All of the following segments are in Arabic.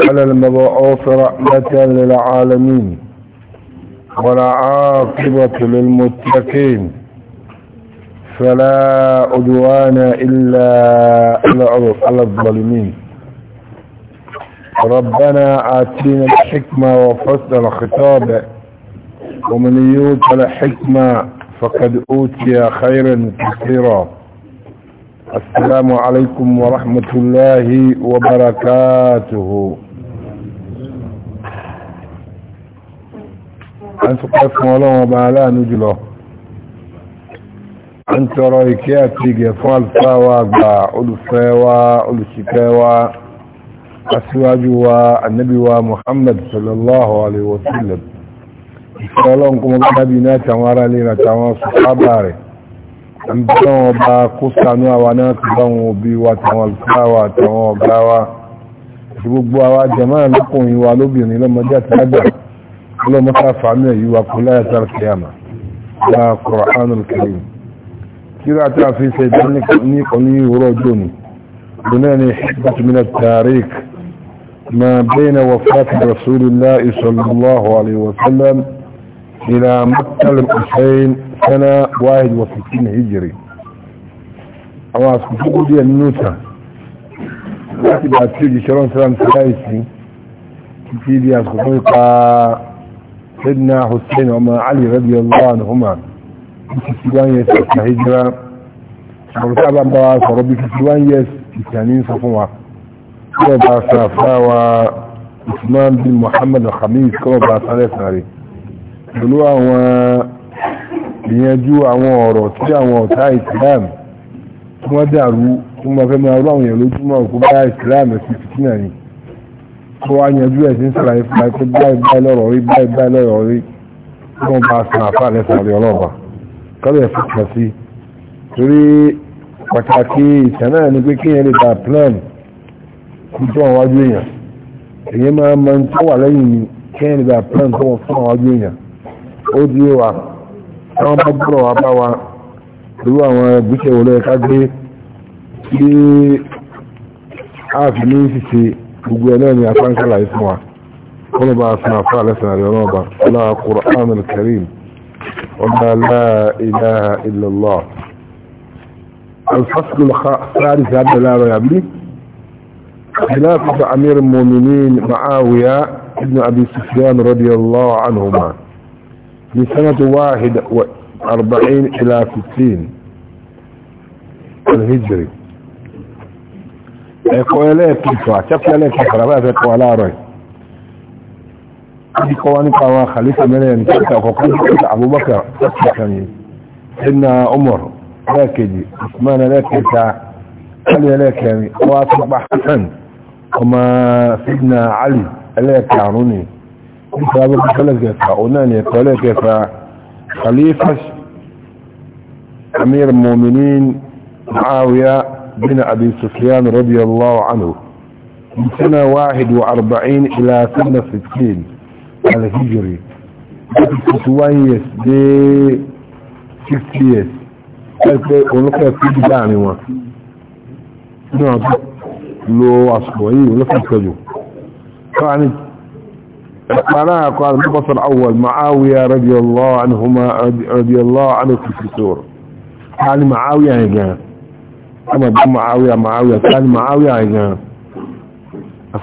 على المبعوث رحمة للعالمين ولا عاقبة للمتقين فلا عدوان إلا على الظالمين ربنا آتينا الحكمة وفصل الخطاب ومن يوت الحكمة فقد أوتي خيرا كثيرا السلام عليكم ورحمة الله وبركاته a ń sọpẹ́ fún ọlọ́run ọba aláàánú jùlọ a ń tọrọ ìkẹ́ àti ìgẹ̀ fún alùfáàwà àgbà olùfẹ́ wa olùṣìkẹ́ wa aṣíwájú wa annabi wa muhammad sallallahu alaihi wasallam ìfẹ́ ọlọ́run kọmọ gbábí ní àtàwọn ará lè àtàwọn sọpábà rẹ̀ a اللهم صل على النبي وكلها ترى القيامه يا قران الكريم كذا في سيدنا نيكوني وروجوني بناني حبة من التاريخ ما بين وفاة رسول الله صلى الله عليه وسلم إلى مقتل الحسين سنة 61 هجري أما أسكتوا دي النوتة لكن بعد كيجي شرون سلام سلايسي كيجي أسكتوا سيدنا حسين وما علي رضي الله عنهما كسوان يس الهجرة ورتابا بواس وربي كسوان يس كانين صفوا كما صفا وإسمان بن محمد الخميس كما باس عليه ساري بلوا و بيجو àwọn ọ̀rọ̀ tí àwọn ọ̀tá Islam tí wọ́n dàrú tí wọ́n fẹ́ máa rú àwọn èèyàn lójúmọ́ òkú bá Islam ẹ̀sìn fìtínà ni tó wá yanjú ẹ̀ sí ń sàlàyé fún ẹ pé báyìí báyìí lọ́rọ̀ rí báyìí báyìí lọ́rọ̀ rí tí wọ́n bá san àfa rẹ̀ sàrí ọlọ́ọ̀bà kọ́lẹ̀ fún kan sí torí pàtàkì ìtàn náà ni pé kéèyàn lè gba plan kú tó àwọn wájú èèyàn èyí máa ma ń tó wà lẹ́yìn ni kéèyàn lè gba plan tó wọ́n fún àwọn wájú èèyàn ó di wa táwọn bá gbọ́dọ̀ wá bá wa irú àwọn ìgbésẹ̀ wọlé ká gbé kí a fi ní ṣiṣẹ́ gbogbo ẹ̀nà ni afáńkálà ìfún wa kọ́nà bá fún afá alẹ́sìn àrí ọ̀nà ọba ọlá Qur'an al-Karim ọba la ilaha illallah alfaslu sáàrì sáàbẹ̀ láàrọ̀ yàbí خلافة أمير المؤمنين معاوية ابن أبي سفيان رضي الله عنهما من سنة واحد وأربعين إلى ستين الهجري ẹ̀kọ́ ẹlẹ́ẹ̀kẹfà chapter ẹlẹ́ẹ̀kẹfà lábẹ́ ẹ̀kọ́ aláàrọ̀ yìí kọ́ wá nípa àwọn khalifa mẹ́rin chapter àkọ́kọ́ chapter abubakar chapter kan yìí ẹ̀nà umar ẹlẹ́ẹ̀kejì usman ẹlẹ́ẹ̀kẹta ali ẹlẹ́ẹ̀kẹrin wọ́n á tún pa hasan ọmọ sidna ali ẹlẹ́ẹ̀karùn ni nípa abẹ́kọ́ ẹlẹ́ẹ̀kẹfà òun náà ni ẹ̀kọ́ ẹlẹ́ẹ̀kẹfà khalifa amir muminin muawiya بن أبي سفيان رضي الله عنه من سنة واحد وأربعين إلى سنة ستين الهجري هجري دي ستيس تلقي ونقل في جداني ما نعطي لو أصبعي ونقل كجو فعني أنا قال مبصر الأول معاوية رضي الله عنهما رضي الله عنه في السور يعني معاوية يعني أمر بن معاوية معاوية كان معاوية هنا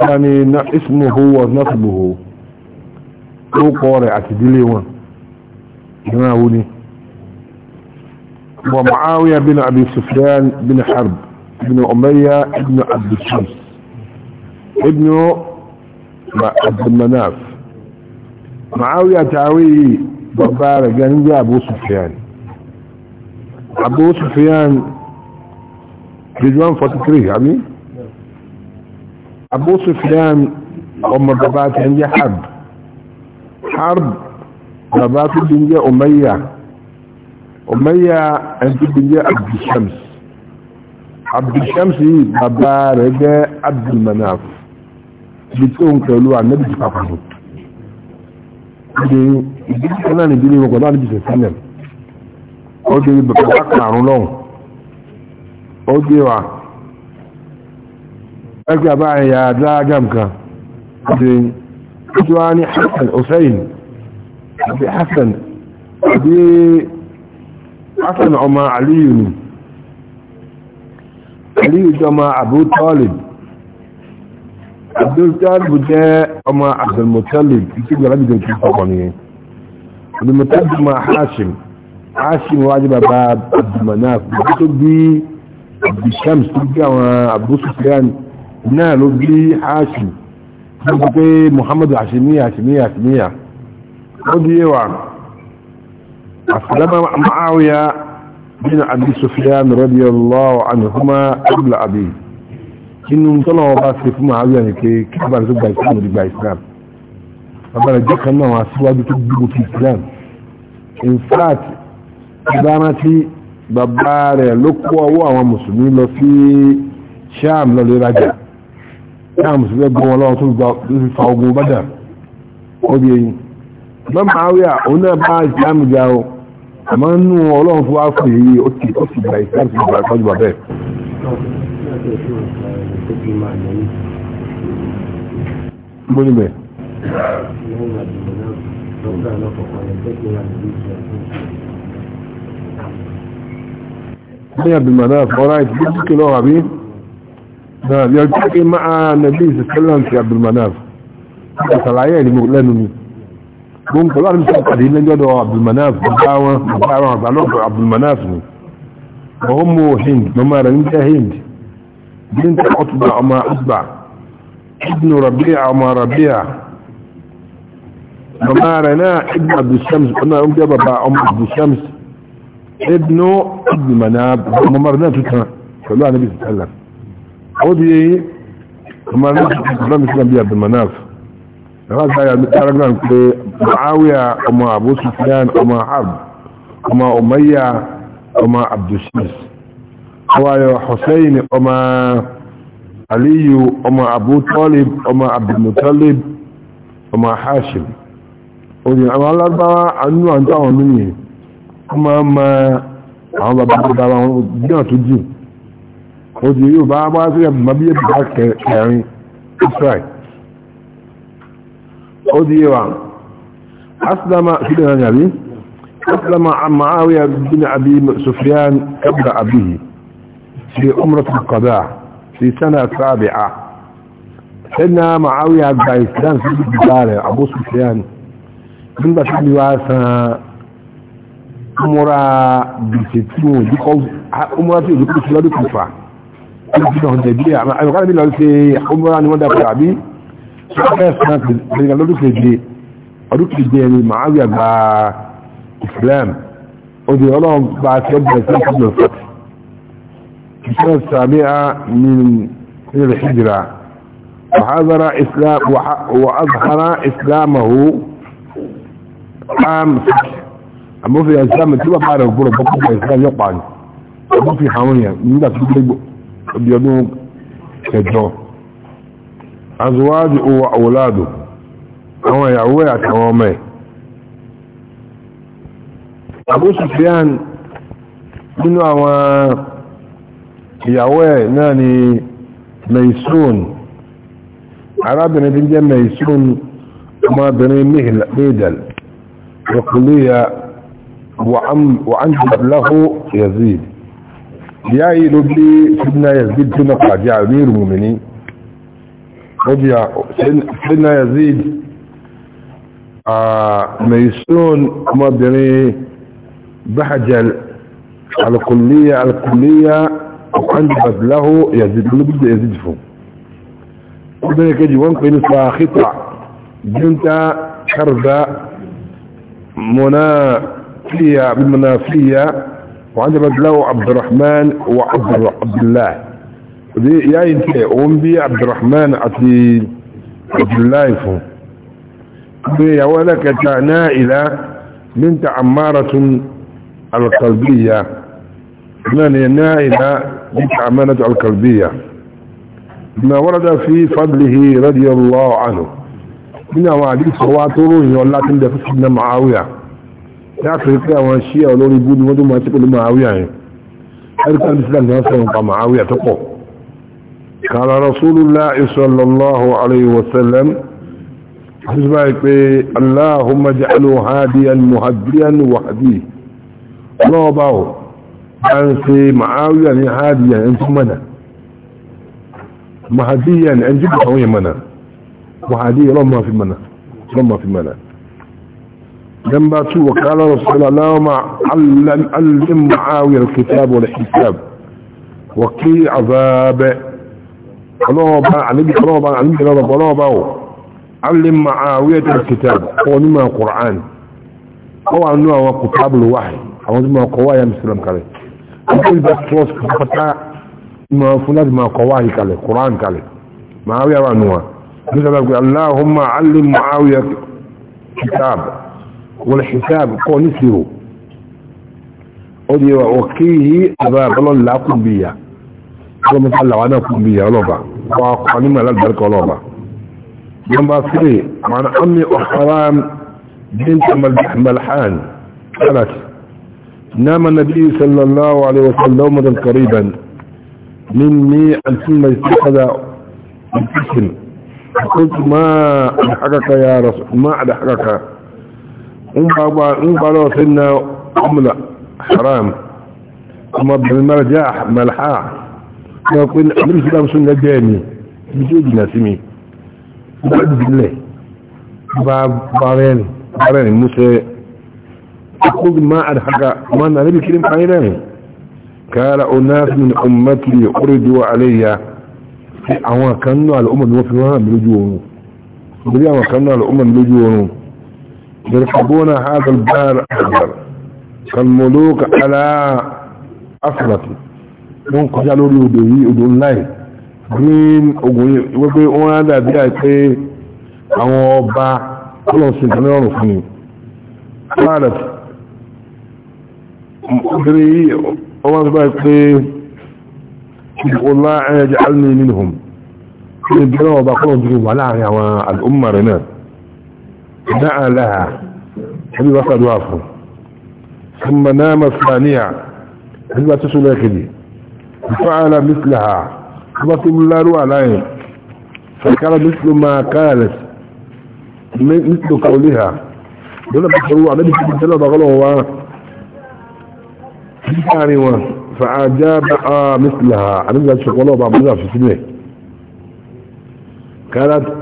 يعني. اسمه اسمه ونصبه هو قارعة دليوان هو معاويه بن أبي سفيان بن حرب بن أمية بن عبد الشمس ابن عبد المناف معاوية تعويه ببارة يعني جانبية أبو سفيان أبو سفيان page 143 àmì Abu Sufyan ọmọ bàbá tí ń jẹ́ Harb Harb bàbá tó bí ń jẹ́ Umayya Umayya ẹn tó bí ń jẹ́ Abdul Shams Abdul Shams yìí bàbá rẹ̀ jẹ́ Abdul Manaf bí tó ń pẹ̀lú ànábì ti pàpà mú ìdí ìdí kan náà nìdí ó gbé wà ẹgbẹ́ àbáyé ya dágàm kan ọdún tí wá ní hassan hussein àti hassan àti hassan ọmọ aliyu ni aliyu jẹ́ ọmọ abu talib abdul talib jẹ́ ọmọ abdulmutalib tí gbẹ̀rẹ̀ bí i ọkọ̀ ni abdulmutalib ma hashim hashim wájú bàbá abdulmanaf tó bí abdulshams tó gbé àwọn abdulsufiyan náà ló gbé hashim tó gbé pé muhammadu hashimiya hashimiya hashimiya ó di yẹwà asalama ma'awiya bin abdulsufiyan radiyallahu anhuma abla abi inú tọ́lọ́wọ́ bá ṣe fún ma'awiya ni pé kí a bá rẹ̀ tó gba islam ní gba islam abára jẹ́ kan náà wá síwájú tó gbogbo bàbá rẹ̀ ló kó ọwọ́ àwọn mùsùlùmí lọ sí sham lọ lè rajà sham mùsùlùmí gbọ́n wọn lọ́wọ́ tó fi fa ogun bádà ọdí ẹ̀yìn mọ́mọ́ àwíyà òun náà bá islam jà o àmọ́ nínú ọlọ́run fún wa èyí ó ti ó sì gba islam sí ìgbà tọ́jú bàbẹ́ gbóníbẹ̀ بنية بالمناف ورايت بيك لو بيه نعم يلتقي مع النبي صلى الله عليه وسلم في عبد المناف طلعيه لمغلنني قوم طلع المسقط هنا جدوا عبد المناف بقاوة بقاوة بقاوة عبد المناف وهم هند ممارا انت هند بنت عطبة عما عطبة ابن ربيع عما ربيع ممارنا ابن عبد الشمس قلنا يوم جابا عم عبد الشمس ابن عبد مناب ممرنا تتنا قالوا النبي صلى الله عليه وسلم ودي ممرنا تتنا مثل النبي عبد مناف هذا يا متارقنا معاوية وما أبو سفيان وما حرب وما أمية وما عبد الشمس وما حسين وما علي وما أبو طالب وما عبد المطلب وما حاشم ودي أما الأربعة أنه أنت أمنيه wọ́n máa ń ma àwọn bàbá tó dára wọn náà tó jù ó di yóò bá wá sí ẹ̀bùn mábíyé bàbá kẹrin israel ó di yẹwà aslama sílẹ̀ náà yàrí aslama ma'awiya bin abi sufyan kabla abihi fi umratul qada fi sana sabi'a sayyidina ma'awiya gba islam fi gbogbo rẹ̀ abu sufyan nígbà tí wọ́n wá san múra gbèsè tí wọn ò dúkọ́ múra tí òdúkọ́ sí lọ́dún kùfà àìkọ́lẹ̀ bí lọ sí múra ni wọ́n dápọ̀ àbí ṣọ́fẹ́ lọ́dún keje ọdún keje ẹni màáwí àgbà Islam odè ọlọ́run bá ti ọgbẹ̀ sí ìpínlẹ̀ fọ́tì ìṣẹ́ إسلامه عام àmọ́ fi islam tí bàbá rẹ̀ gbọ́rọ̀ pọ́pọ́ islam yọ pa ni ọmọ fi hàn yẹn nígbà tó gbé ọdí ọdún kẹjọ azuwájú owó àwòládù àwọn ìyàwó ẹ̀ àtàwọn ọmọ ẹ̀ Abu Sufyan nínú àwọn ìyàwó ẹ̀ náà ni maisun arábìnrin tí jẹ́ maisun ọmọbìnrin mihil mihidal وعن له يزيد ياي لبي سيدنا يزيد سنة قاعد يا أمير المؤمنين رضي سيدنا يزيد آه ميسون مدري بحجل على الكلية على الكلية وأنجبت له يزيد اللي بده يزيد فوق ربنا كجي وانكو ينسى خطع جنتا حربة منا منافية بن منافية وعجبت له عبد الرحمن وعبد عبد الله يا انت ومبي بي عبد الرحمن عطي عبد الله فهم يا ولك نائلة بنت عمارة القلبية من نائلة بنت عمارة القلبية ما ورد في فضله رضي الله عنه من وعدي صواته هو طروه والله معاوية láàkiri pé àwọn ṣíà olórin ibú ni wọ́n tó máa tí pẹ̀lú Muawiya yẹn ẹ̀ríkà islam ni wọ́n sọ̀rọ̀ pa Muawiya tó pọ̀ kààrà rasulullah sallallahu alayhi wa sallam àtúnṣe pé allahumma ja'alu hadiyan muhadiyan wa hadi lọ́wọ́ báwo bá ń ṣe Muawiya ní hadiyan ẹni tó mọ̀nà muhadiyan ẹni tó kọ̀ wọ́n yẹn mọ̀nà muhadiyan lọ́wọ́ máa fi mọ̀nà لما تو وقال رسول الله ما علم علم معاوية الكتاب والحساب وقي عذاب قلوبا علمي قلوبا علمي قلوبا علم معاوية الكتاب هو نما القرآن هو أنه هو كتاب الوحي هو نما قوايا مسلم كالي أقول بس روس كفتا ما فلاد ما قواهي كالي قرآن كالي معاوية وأنه مثلا اللهم علم معاوية كتاب والحساب قول سيرو أدي وقيه أباب الله لا قبية اللهم صل على قبية لوبا وقانم لا البركة لوبا يوم سري معنى أمي أحرام بنت ملحان قالت نام النبي صلى الله عليه وسلم قريبا مني أن ثم استيقظ ابتسم قلت ما ألحقك يا رسول ما ألحقك انقالوا سنة أمنا حرام أما بالمرجع ملحاء يقول أمر السلام سنة داني بجوج ناسمي بعد بالله بارين بارين موسى أقول ما أدحق ما نعلم الكريم قيلاني قال أناس من أمتي أردوا علي في كانوا على الأمم وفي وهم بلجوهم بلي كانوا على الأمم بلجوهم يركبون هذا البار أكبر كالملوك على أسرته wọ́n kọjá lórí odò yìí odò ńlá yìí green ogun wípé wọ́n á dàbí àìpé àwọn ọba ọlọ́sìn tó lọ́rùn fún ni planet obìnrin yìí ọwọ́n tó báyìí pé ọlá ẹ̀yẹjẹ alìmí nínú hùn ní ìbílẹ̀ ọba kọlọ̀ tó wà láàrin àwọn al'ummar náà دعا لها حبيب أسعد وافه ثم نام الثانية حبيب وتسول يكدي فعل مثلها حبط الله روى عليه فكان مثل ما قالت مثل قولها دولة بحروع نبي كنت الله ضغلوه ثاني فعجاب مثلها عمل الله شغلوه الله في سنه قالت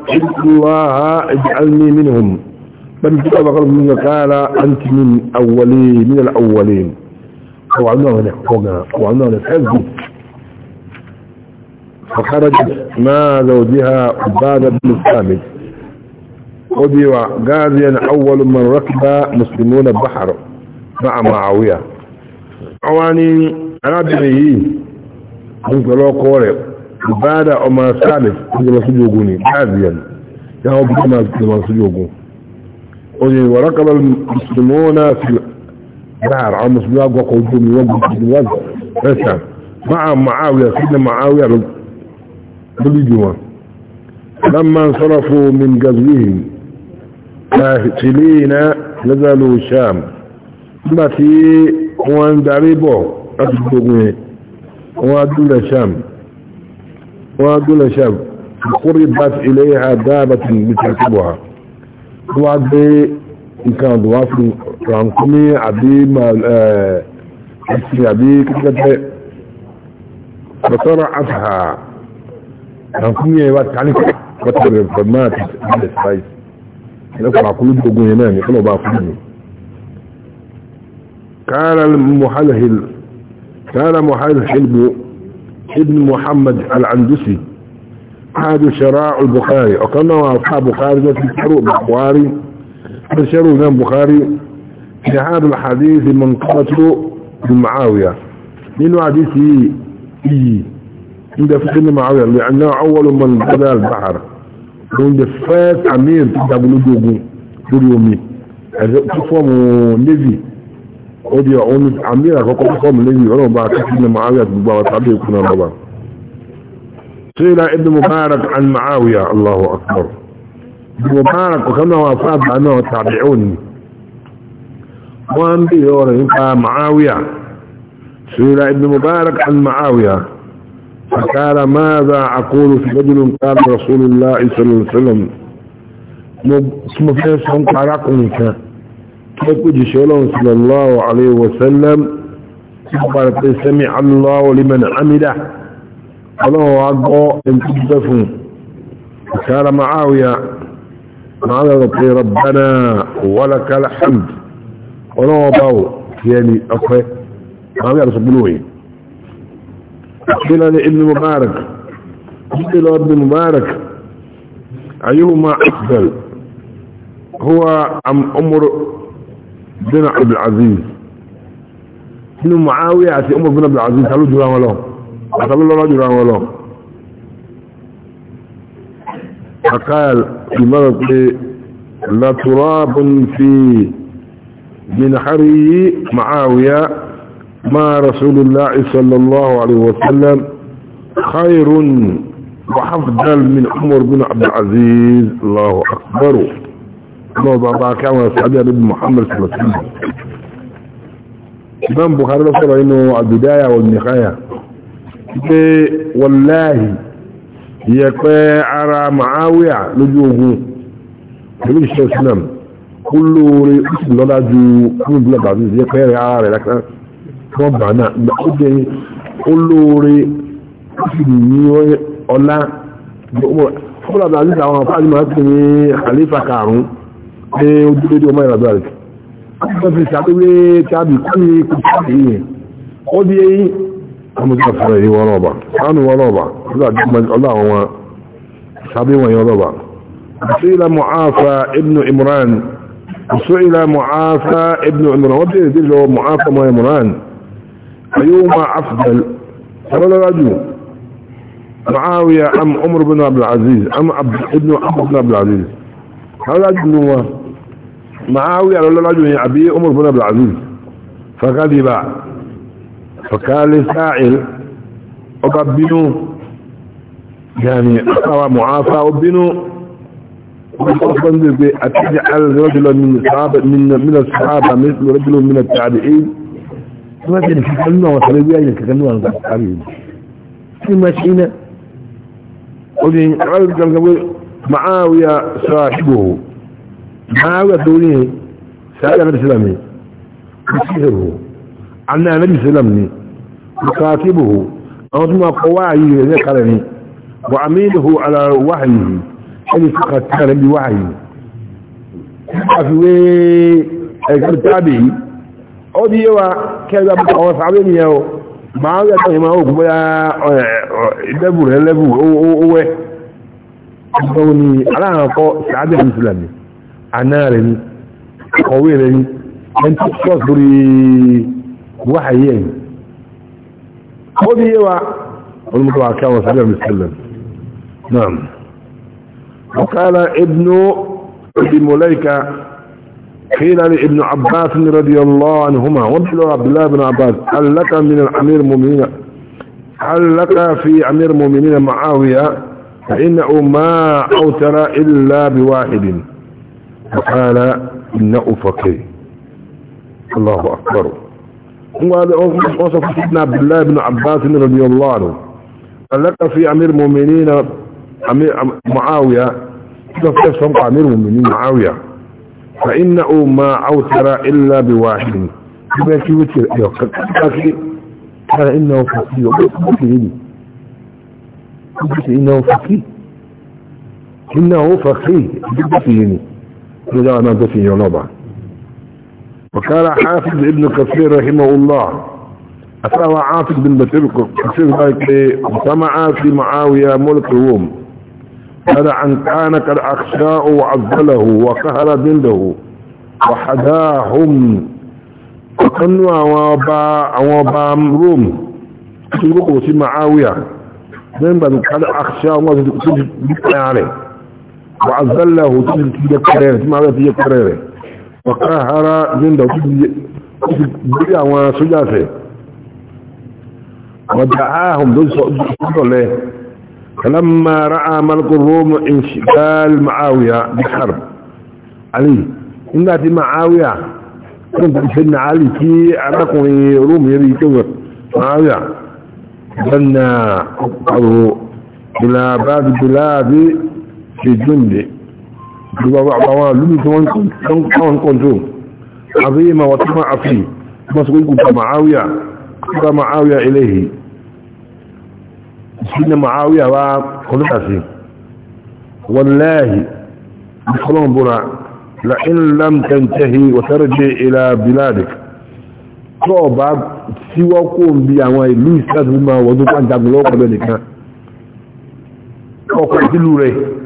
الله اجعلني منهم بل جاء بقول من قال أنت من أولين من الأولين أو عمنا نحقنا أو عمنا نحبك فخرجت ما زوجها عبادة بن الصامت قضي غازيا أول من ركب مسلمون البحر مع معاوية عواني أنا أرابعي من قالوا قولي عبادة أما من قضي مسجوقني غازيا يا رب كما سجوقني ورقب المسلمون في النار عن مسلمين وقعوا الدم وقعوا مع معاوية سيدنا معاوية بالجوة لما انصرفوا من قزوهم كاهتلين نزلوا الشام ثم في وان داريبو أصدقوا وادل الشام وادل الشام قربت إليها دابة بتركبها tó wá gbé nǹkan ọ̀dọ̀ wá fún ràǹkúmí àbí ẹ̀sìn àbí kẹ́kẹ́kẹ́ bàtọ́rọ̀ àfà ràǹkúmí ẹ̀ wá tánìkà bàtọ́ rẹ̀ fọ̀mọ́ àti ìdílé spice ẹ̀lẹ́kọ̀ọ́ àkúlù gbogbo yẹn náà ní kọ́lọ̀ bá fún mi كان المحلهل كان محلهل ابن محمد العندسي هذا شراع البخاري وكنا وعطاء بخاري في شروع البخاري في شروع نام بخاري في هذا الحديث من قتل معاوية من حديثه إيه عند فقن معاوية لأنه أول من بدأ البحر وعند فات عمير تدابل دوغو كل يومي تفهم نبي ودي عمير أكبر تفهم نبي ولو بعد فقن معاوية تبقى وتعبيه كنا ربا سئل ابن مبارك عن معاوية الله أكبر ابن مبارك وكما وفاد عنه تابعوني وان بيورهم معاوية سئل ابن مبارك عن معاوية فقال ماذا أقول في رجل قال رسول الله صلى الله عليه وسلم مفيسهم قال كيف جشلون صلى الله عليه وسلم قال سمع الله لمن عمله قالوا ان تدفوا قال معاوية معاوية ربنا ولك الحمد ولو باو يعني أخي معاوية رسبلوه قيل لابن مبارك قيل لابن مبارك أيهما أفضل هو أم أمر بن عبد العزيز ابن معاوية عسي أمر بن عبد العزيز قالوا جلاه لهم فقال في عن ولو فقال في من حري معاوية ما رسول الله صلى الله عليه وسلم خير وحفظل من عمر بن عبد العزيز الله أكبر الله بابا كان ويسعد يا محمد صلى الله عليه وسلم إمام بخاري رسول الله إنه البداية والنهاية pé wọláhì ìyẹ̀pẹ̀ ara ma'áwíà lójú ogun pẹ̀lú ìṣẹ́ islam ó lóore ó sì lọ́lá ju kúrùbùlọ̀ bàbí ìyẹ̀pẹ̀ rẹ̀ ara rẹ̀ lákàá wọ́n bà náà ìgbà ó jẹ́ ó lóore ó sì ní ọlá kúrùbùlọ̀ bàbí àwọn ọmọ jẹ́ fara yìí wọ́n rọ́bà sánú wọ́n rọ́bà ọláwọn sàbí wọ́n yọ rọ́bà ṣílá mọ̀áfà ibn imran ṣílá mọ̀áfà ibn imran wọ́n tẹ́lẹ̀ dìlọ mọ̀áfà mọ̀ imran ayóma afdal sọ́lọ́lájú ma'áwíyà am umar bin abdulaziz am ibn umar bin abdulaziz sọ́lọ́lájú ni wọn ma'áwíyà lọ́lọ́lájú ni àbí umar bin abdulaziz fakadiba فقال لسائل أبا يعني أخوى معافى وبنو وقصد أتجعل رجلا من الصحابة من من الصحابة مثل رجل من التابعين ما تدري كلمة وصليبية إنك كلمة عن الصحابين في ماشينا قولي قال قبل معاوية صاحبه معاوية دونيه سائل الإسلامي يسيره anna nabi sallam ni katibuhu àwọn tuma ko wa yi ne kare ni wa amiluhu ala wahyihi ani faqat kare bi wahyi afwe e gar tabi o di wa ke da bu ko sabe ni yo ma ya to ma o gbo ya level level o we ko ni ala ko sabe ni sallam ni anare ni ko we ni en tu ko buri وحيين خذي و إيوة. المطلع كان صلى الله عليه وسلم نعم وقال ابن ابن مليكة قيل لابن عباس رضي الله عنهما وابن عبد الله بن عباس هل لك من الامير المؤمنين هل لك في امير المؤمنين معاوية فانه ما اوتر الا بواحد فقال انه فقيه الله اكبر وصف سيدنا عبد الله بن عباس رضي الله عنه فلقى في امير المؤمنين معاوية تفهم امير المؤمنين معاوية فإنه ما أوتر إلا بواحد وتر قال إنه فقيه إنه فقيه إنه فقيه إنه فقيه إنه فقيه إنه فقيه وقال حافظ ابن كثير رحمه الله أسأل عاطق بن بشير كثير ذلك سمع في معاوية ملك الروم قال عن كان قد أخشاء وعزله وقهر بنده وحداهم وقنوا وابا روم تشركوا في معاوية من بعد قد أخشاء وعزله وعزله تشركوا في معاوية وقهر جنده bí àwọn sójà fẹ́ wàdà áhùn ló sọ ìjọlẹ̀ kalamma ra'a malikul rom inṣigal ma'awiya bi harb ali inda ti ma'awiya kan kò ṣe na ali kí arákùnrin rom yẹ́ bí kíwẹ̀ ma'awiya zanna ọ̀pọ̀ ìlàbábi bí ṣe jùnde àwọn lúmi tó wọ́n kọ́ntó àbíyèmà wà tó máa àfi masu ga ma'awiya ga ma'awiya ilaihi shi ne ma'awiya ba kuluta ce wallahi musamman bura la'in lamtan tahi wata rage ila biladik tó bá síwọ́ kó ń bí àwọn ìlú ìsẹ́sùn ma wọ́n tó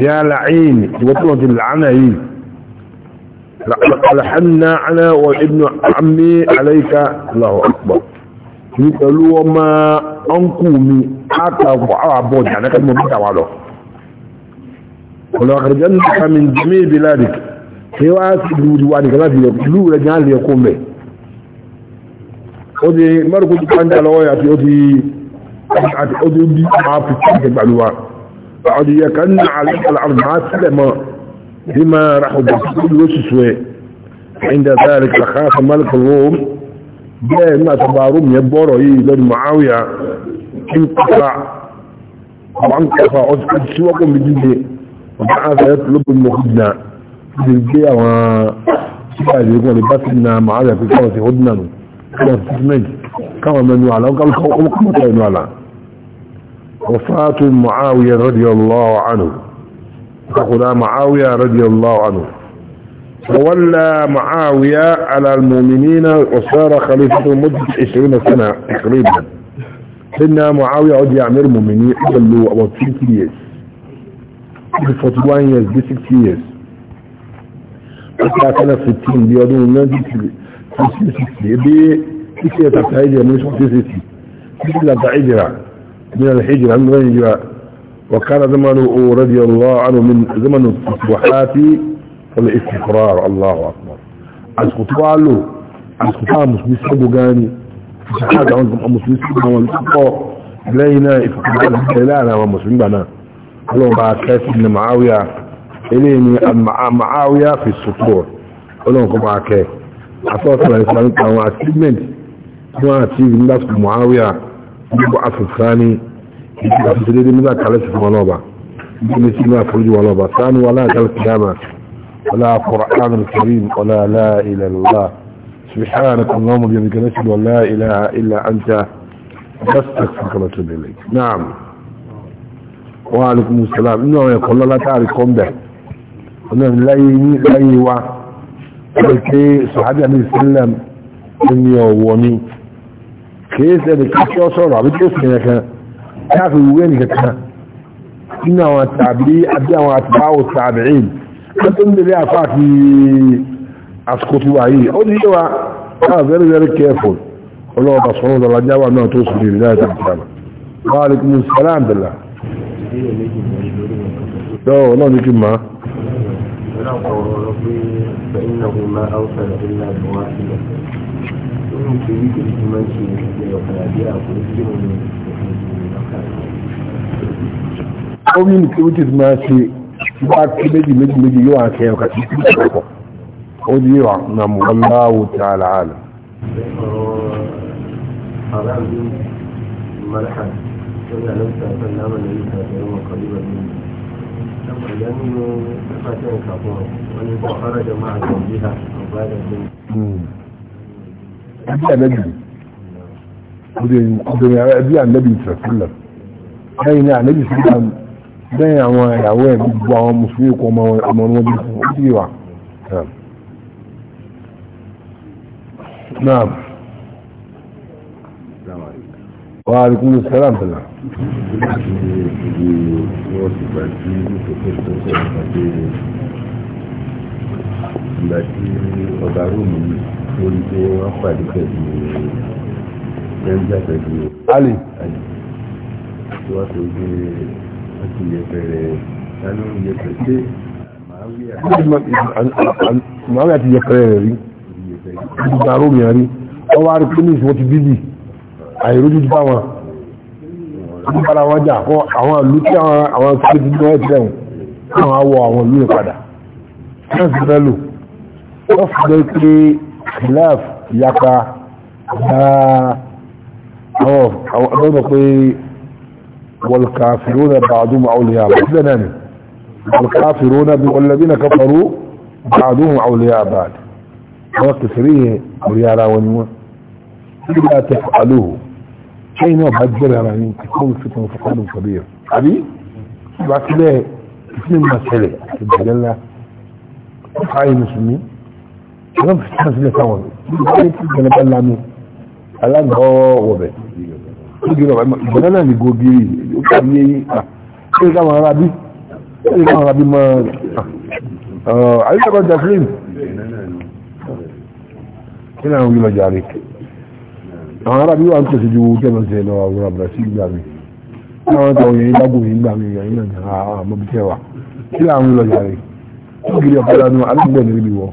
يا لعين وطلت العنى هي لحنا انا وابن عمي عليك الله اكبر nítorí wọ́n máa ọ́nkù mi átàwọ̀ àwàbọ̀ jànákà mọ̀ bí tàwà lọ ọ̀lọ́kàrìjẹ́ ní kàmí jẹ́mí ìbíládì tí wá sí lúrí wá nìkan láti lú rẹ̀ jẹ́ àlè ẹkùn mẹ́ ó di mọ́rùkú ti pàǹdà lọ́wọ́ àti ó ti bí máa fi kí كان على الأرض مع السلامة بما راحوا بكل وسوى عند ذلك لخاف ملك الروم جاء ما تباروم يبورو هي لون معاوية انقطع وانقطع اسكت سواكم بجده وبعث يطلب المخدنا في البيع و سيادي يقول بسنا معاوية في كواسي هدنا كما تسمج كما من يعلم كما تسمج كما تسمج وفاة معاوية رضي الله عنه تقول آه، معاوية رضي الله عنه فولى معاوية على المؤمنين وصار خليفة مدة عشرين سنة تقريبا سنة معاوية عد يعمر المؤمنين قبل له about 50 years 41 years 60 years حتى كان 60 بيضون نادي 60 بي كيف يتبتعيد يا منيش 60 كيف لا تعيد من الحجر عن غير وكان زمنه رضي الله عنه من زمن التصبحات والاستقرار الله أكبر أسقطوا له أسقطوا مسلمين سبقوا قاني فسحاد عنكم المسلمين سبقوا والسقطوا إلينا إفقاد إلانا قالوا مع سيدنا معاوية إليني معاوية في السطور قالوا لكم مع كيف أصوات الله الإسلامي كانوا أسلمين كانوا أسلمين نفس معاوية يبعث الثاني يبعث الثاني من ذاك على اسم ونوبة يبعث ما فرج ونوبة ثاني ولا كالقيامة ولا قرآن الكريم ولا لا إله إلا الله سبحانك اللهم بيدك نشهد ولا إله إلا أنت أستغفرك وأتوب إليك نعم وعليكم السلام إنه يقول لا تعرف قم به أنه لا لا يوعى قال إيه؟ كي صحابي عليه السلام إني ومي kìí sẹ́ni kí ó sọ̀rọ̀ àbí tí ó sì yẹn kan káàfi wúwé nìkan kan nínú àwọn tàbí àbí àwọn àtìbáwò tàbíìn tó tó ń lè rí àti àsìkò tí yìí ó ní yíwa káà very very careful ọlọ́ọ̀bà sọ́rọ̀ lọ́la jáwà náà tó sì rí láti àtìbáwò wa alaikum salam bẹ̀lá lọ́wọ́ ọlọ́run kí máa Ọlọ́run ọ̀rọ̀ pé ìnáwó máa ń sọ̀rọ̀ ìlànà wáṣílẹ̀. omi ní kí máa ṣe bá kí méjì méjì méjì yóò hàn kẹyọ kàtí kí ọ̀pọ̀ ó di wà nà mú aláwò tí a làálù. Mm. ẹbí ànábì obìnrin ara ẹbí ànábì ìtìrẹ̀sílẹ̀ lẹ́yìn náà ànábì sílẹ̀ lẹ́yìn àwọn ìyàwó ẹ̀ gbogbo àwọn mùsùlùmí kọ ọmọ wọn bí fún ó sì wà náà wà á rí kúrò ìgbà tí ọba róòmù yìí lórí pé wọ́n pàdé pẹ̀lú nàìjíríà pẹ̀lú alì tí wọ́n tó gbé wọ́n ti yẹ pẹ̀rẹ̀ sánú yẹ pẹ̀lú màá wíyà ti yẹ pẹ̀rẹ̀ rẹ̀ rí ibi ta rómi rí wọ́n wá rí pínlẹ̀ ìṣòwò ti bíbí àìrójú bá wọn ní bára wọn jà fún àwọn ìlú tí àwọn sáré ti gbọ́ ẹ̀ tẹ̀wọ̀n àwọn awọ àwọn ìlú yẹn padà náà ti fẹ́ lò wọ́n fi lọ pé خلاف يقع او او والكافرون بعضهم أولياء بعض نعمل والكافرون والذين كفروا بعضهم أولياء بعض وقت سريه أولياء راونيون إلا تفعلوه شيء نوع بجرها يعني تكون في فقال كبير علي بعد كده اثنين مسألة تبقى لله مسلمين wọ́n fi chance lè sáwọn ní ti gbẹ̀rẹ̀ bá lánú alágbọ́ wọ̀bẹ̀ ìgbẹ̀rẹ̀ náà ní gògiri ó kà ní eyín ṣe káwọn ará bí ṣe káwọn ará bí mọ́ àyíkọ́ jacqueline kí náà wí lọ́jà rẹ̀ àwọn ará bí wà ń tẹ̀sí ju owó tẹ́lọ sí ẹ̀lọ àwòrán brazil gbà mí láwọn tó yẹn lágbo yìí gbà mí yẹn náà àmọ́ bí tẹ́wà kí náà wí lọ́jà rẹ̀ ó gírí ọ̀kadà nù alágbọ̀ níbi wọ̀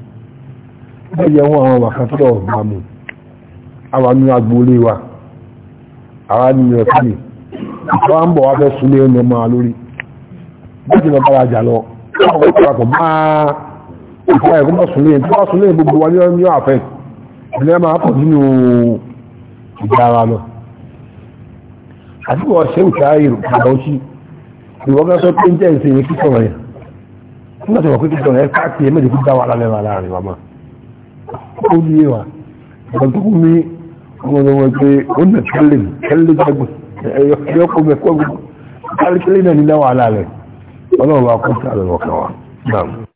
bẹ́yẹ̀ wọn àwọn àmàkà tó lọ́wọ́ bá mú àwọn ní agbóolé wa àwọn ní ẹ̀kùnlẹ̀ àwọn ń bọ̀ wá fẹ́ súnlé ẹ̀nà máa lórí bẹ́ẹ̀ tí wọ́n bára jà lọ àwọn ìpàkọ̀ bá ìfọ́ ẹ̀kọ́ bá súnlé tí wọ́n súnlé gbogbo wa ní àfẹ́ ilẹ̀ máa pọ̀ nínú ìdára lọ àdúgbò ọ̀sẹ̀ ìtàáyì àbọ̀ọ́sí ìwọ́gá sọ pé ń jẹ́ ìsìn yẹn kíkọ̀ rẹ̀ nígbà tí wọ́n pé kíkọ̀ rẹ̀ káàkiri mẹ́jọ kí dá wà lálẹ́ wà láàrin wa máa ó ní ẹwà ọ̀gbọ̀n mi ọmọdé wọn pé ó nà kẹ́lẹ̀ kẹ́lẹ̀ gbẹ̀gbẹ̀ ẹ̀yọkọ̀ mẹ́kọ̀ọ́gbọ̀n kẹ́lẹ̀ náà ní náwà alálẹ̀ ọlọ́run wa kọ́ sí àlọ́ ọ̀kan wa náà